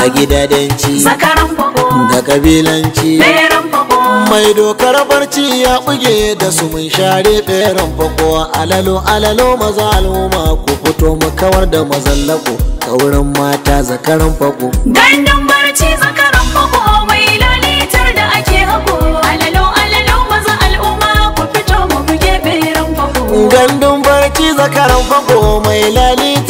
da gidadanci da kabilanci mai dokar barci ya buge da su mun share beran fako alalo alalo maza al'umma ku fito mu kawar da mazallako kaurin mata zakaran fako gandun barci zakaran fako mai lalitar da ake hako alalo alalo maza al'umma ku fito mu buge beran fako gandun barci zakaran fako mai lalitar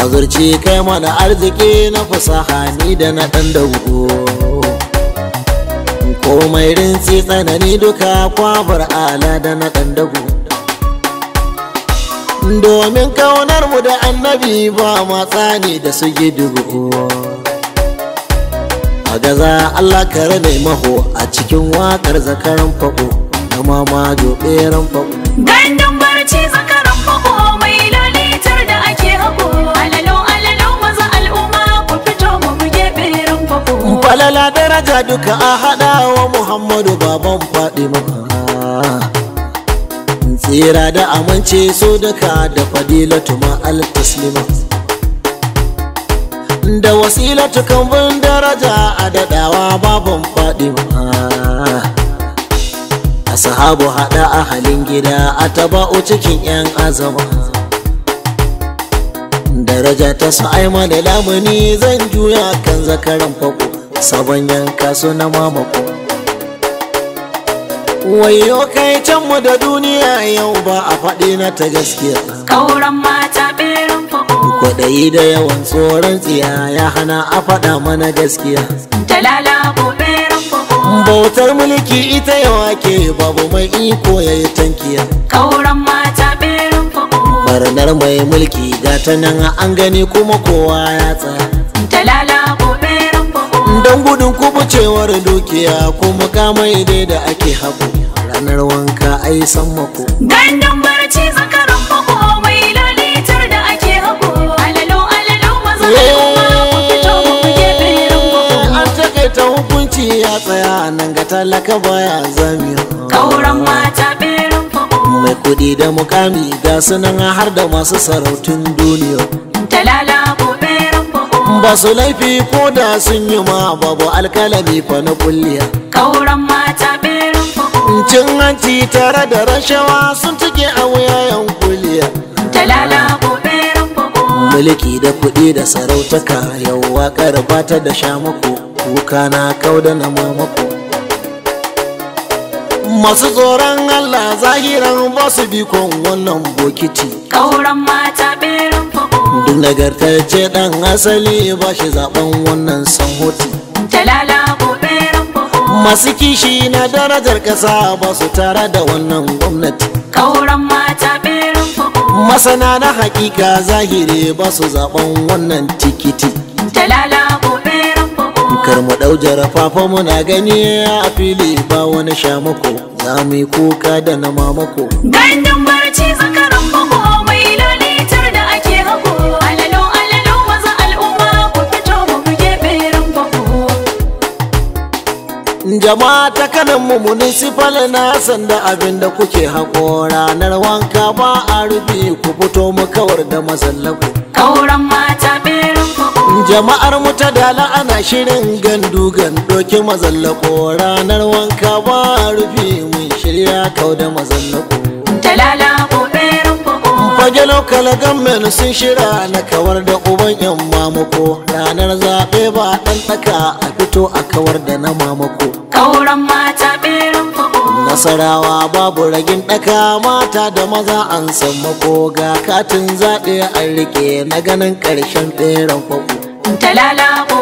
azurci kai mana arziki na fasaha ni da na ɗan dauko komai rinsi tsanani duka kwabar ala da na ɗan dago domin kaunar mu da annabi ba matsa ne da su yi a gaza allah kare mai maho a cikin wakar zakaran fako da mama ran fako falala daraja duka a haɗawa wa muhammadu baban fadima tsira da amince so duka da fadilatu ma al-taslima da wasilatu kan daraja a daɗawa baban fadima a sahabu hada a halin gida a taba'u cikin 'yan azama. daraja ta Aima da lamuni zan juya kan zakaran fako sabon yanka suna mamako wayo kai can mu da duniya yau ba a faɗi na ta gaskiya kauran mata berin fago kwaɗayi da yawan tsoron tsiya ya hana a faɗa mana gaskiya Talala ko berin fago bautar mulki ita yawa ke babu mai iko ya yi tankiya kauran mata berin fago barnar mai mulki gata nan an gani kuma kowa ya tsaya jalala kawar dukiya ko mukamai dai da ake haku ranar wanka ai san mako dandan barci zakaran mako mai lalitar da ake haku alalo alalo maza eh. an takaita hukunci ya tsaya nan ga talaka baya zami kauran mata berin mai da mukami ga sunan har da masu sarautun duniya su laifi ko da sun yi ma babu alkalami fa na kulliya kauran mata berin cin hanci tare da rashawa sun take a wuyayen kulliya jalala ko berin mulki da kuɗi da sarautaka yau waƙar bata da shamako kuka na kauda na mamako masu tsoron Allah zahiran ba su bikon wannan bokiti. Kauran nagartacce dan asali ba shi zaben wannan sanhoti talala gobe masu kishi na darajar kasa ba su tara da wannan gwamnati kauran mata beran masana na hakika zahiri ba su zaben wannan tikiti talala gobe kar mu dau jarafafa muna gani a fili ba wani shamako za mu yi kuka da na mamako gandun jama'a ta kanan mu municipal na sanda abin da kuke hako ranar wanka ba a rufe ku fito mu kawar da masallaku kauran mata berin jama'ar mu ta dala ana shirin gandu gandoki mazallako ranar wanka ba a rufe mu shirya kau da mazallako dalala fage kala gammen sun shira na kawar da uban yan mamako ranar zaɓe ba ɗan tsaka a fito a kawar da na mamako kauran mata berin fa'o nasarawa babu ragin ɗaka mata da maza an san mako ga katin zaɓe an riƙe na ganin ƙarshen berin fa'o talala ko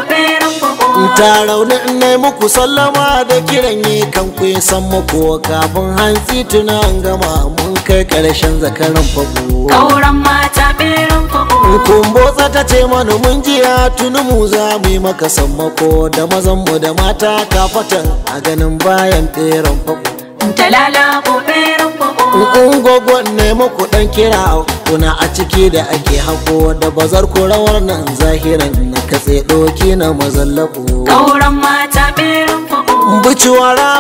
ta rauni in nai muku sallama da kiran yi kan kuyi san mako kafin hantsi tunan gama mun kai karshen zakaran fago kauran mata beran fago kumbotsa ta ce mana mun jiya tuni mu za mu yi maka sammako da mazan mu da mata kafatan a ganin bayan beran fago talala ko beran fago ungogo ne muku dan kira kuna a ciki da ake hako da bazar ku rawar nan zahiran na katse doki na mazallako kauran mata beran fago Bucuwara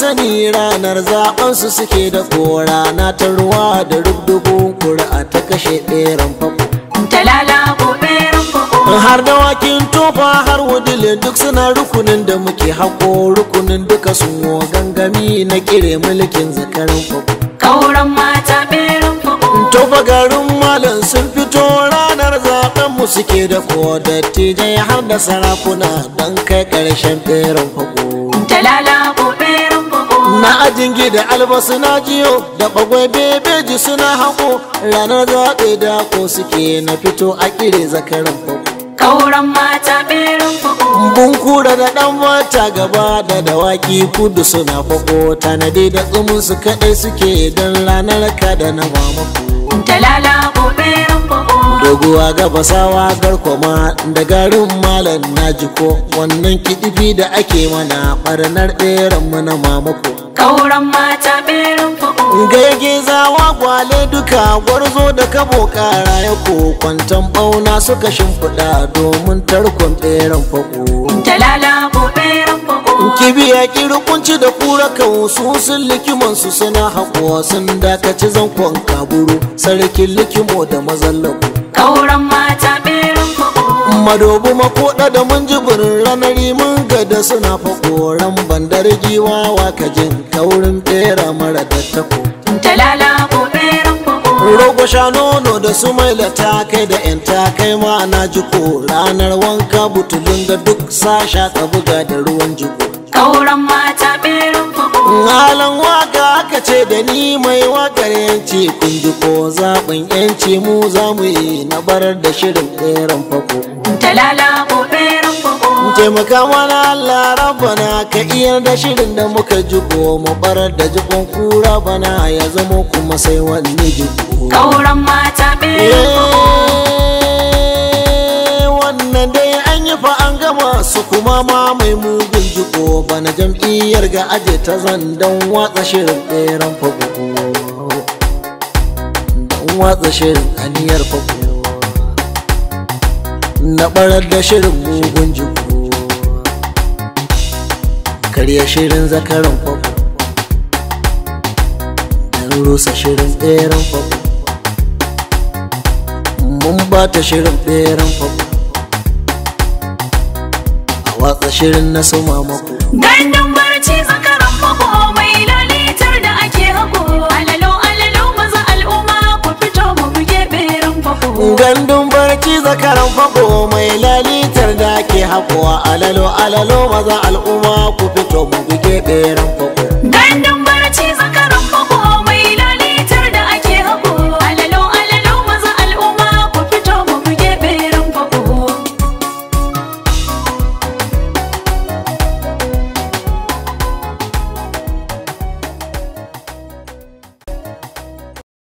sani ranar zaɓensu su suke da kora na ta ruwa da rubdugu a ta kashe ɗeran fako talala ko ɗeran fako har da wakin tofa har wudile duk suna rukunin da muke hako rukunin duka sun gangami na kire mulkin zakarin fako kauran mata ɓeran fako tofa garin malam sun fito ranar zaɓen mu suke da kodatti jai har da sarakuna don kai ƙarshen ɗeran fako talala na ajin gida albasu na jiyo da bagwai bebeji suna hako ranar zaɓe da ko suke na fito a ƙire zakarin kauran mata berin fako bunkura da ɗan mata gaba da dawaki kudu suna fako tanadi da tsumin su kaɗai suke don ranar ka da na mamaku jalala goberin fago doguwa gabasawa da garin malam najiko wannan kidibi da ake mana barnar ɗeran mana mamako kauran mata berin fago gaige zawa gwale duka gwarzo da kabo ƙara ya ko kwantan ɓauna suka shimfiɗa domin tarkon ɗeran fao jalala kibiya biya kunci da kura kan su sun likiman su suna haƙuwa sun dakaci zankon kaburu sarkin likimo da mazallabu ƙauran mata ɓerin kwabo madobu makoɗa da mun ji jibirin ranari mun gada suna ran bandar giwa wakajin kaurin ɓera mara da tako rogo sha nono da su maila ta kai da yan ta kai ma na jiko ranar wanka butulun da duk sasha ta buga da ruwan jiko. sauran mata berin fako halin waka aka ce da ni mai wakar yanci kunji ko zaɓin yanci mu za mu yi na barar da shirin berin fako talala ko berin fako taimaka mana Allah rabbana ka iya da shirin da muka jigo mu bar da jikon kura bana ya zama kuma sai wani jigo kauran mata berin eh, fako wannan dai an yi fa an gama su kuma ma mai mu ko bana jam'iyyar ga aje ta zan Dan watsa shirin ɗeran fago don watsa shirin aniyar fago na barar da shirin mugun jiko karya shirin zakaran fago don rusa shirin ɗeran fago mun ba ta shirin ɗeran fago watsa shirin na su mamaku. Gandun barci zakaran mako mai lalitar da ake hako. Alalo alalo maza al'umma ku fito mu buge beran fako. Gandun barci zakaran fako mai lalitar da ake hako. Alalo alalo maza al'umma ku fito mu buge beran fako.